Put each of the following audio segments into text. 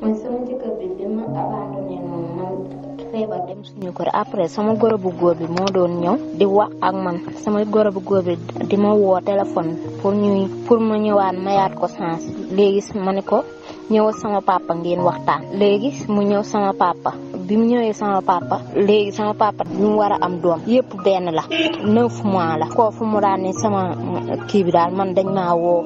man dem suñu kër après sama goro bu góor bi moo doon ñëw di wax ak man sama goro bu góor bi di ma woo telefon pour ñuy pour ma ñëwaat mayaat ko sens léegi ma ne ko ñëwal sama papa ngeen waxtaan léegi mu ñëw sama papa bi mu ñëwee sama papa léegi sama papa ñu war a am doom yépp benn la neuf mois la koo fu mu daan sama kii bi daal man dañ maa woo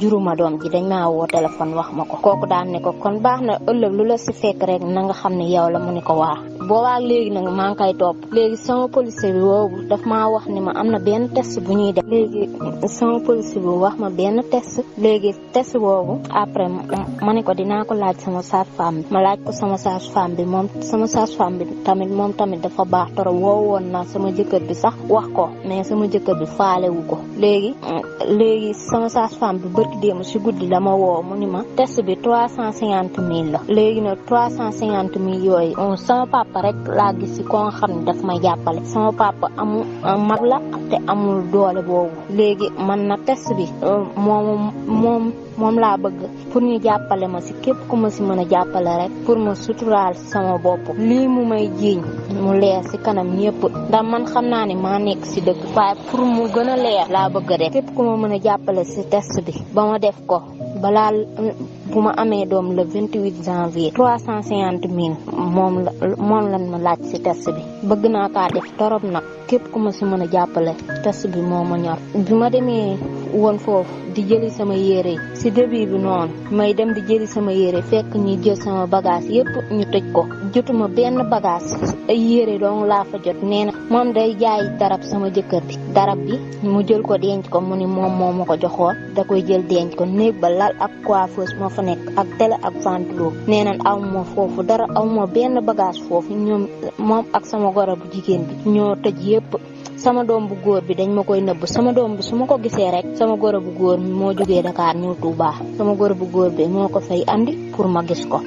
juruma doom ji dañ maa woo téléphone wax ma ko kooku daan ne ko kon baax na ëllëg lu la si fekk rek na nga xam ne yow la mu ni ko waa boobaak léegi nag maa ngi koy topp léegi sama policier bi woowu daf maa wax ni ma am na benn test bu ñuy def léegi sama policier bi wax ma benn test léegi test boobu après ma ne ko dinaa ko laaj sama sage-femme bi ma laaj ko sama sage-femme bi moom sama sage-femme tamit moom tamit dafa baax trop woo woon na sama jëkkër bi sax wax ko mais sama jëkkër bi faalewu ko léegi léegi sama sage-femme si guddi la ma woo mu ni ma test bi trois cent cinquante mille la léegi nag trois cent cinquante mille yooyu sama papa papa rek laa gis si ko xam ne daf may jàppale sama papa amul euh, mag la te amul doole boobu léegi man na test bi euh, moom moom laa bëgg pour ñu jàppale ma si képp ku ma si mën a jàppale rek pour ma suturaal sama bopp lii mu may jiiñ mu leer si kanam ñëpp ndax man xam naa ne maa nekk si dëgg waaye pour mu gën leer laa bëgg rek képp ku ma mën a jàppale si test bi ba ma def ko balaa euh, bu ma amee doom le vingt huit janvier trois cent cinquante mille moom la moom lañ ma laaj si test bi bëgg naa kaa def torop nag képp ku ma si mën a jàppale test bi moo ma ñor bi ma demee woon foofu di jëli sama yére yi si début bi noonu may dem di jëli sama yére fekk ñi jël sama bagage yépp ñu tëj ko jotuma ben bagage ay yere dong la fa jot neena mom day jaay darab sama jëkkër bi darab bi mu jël ko denc ko mu ni moom moo ma ko da koy jël denc ko neeg ba lal ak coiffeuse mo fa nek ak tele ak ventilo neena aw mo fofu dara aw mo ben bagage fofu ñom mom ak sama goro bu bi ñoo tej yépp sama dom bu goor bi dañ makoy neub sama dom bi suma ko gisee rek sama gora bu goor mo joge Dakar ñëw Touba sama gora bu goor bi moko ko fay andi pour ma gis ko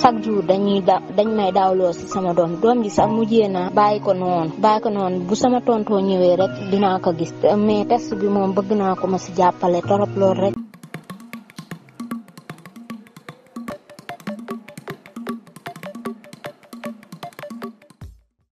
chaque jour dañuy dañ may daawloo si sama doom doom ji sax mujjee na bàyyi ko noon bàyyi ko noonu bu sama tontoo ñëwee rek dinaa ko gis mais test bi moom bëgg naa ko ma si jàppale torop lool rek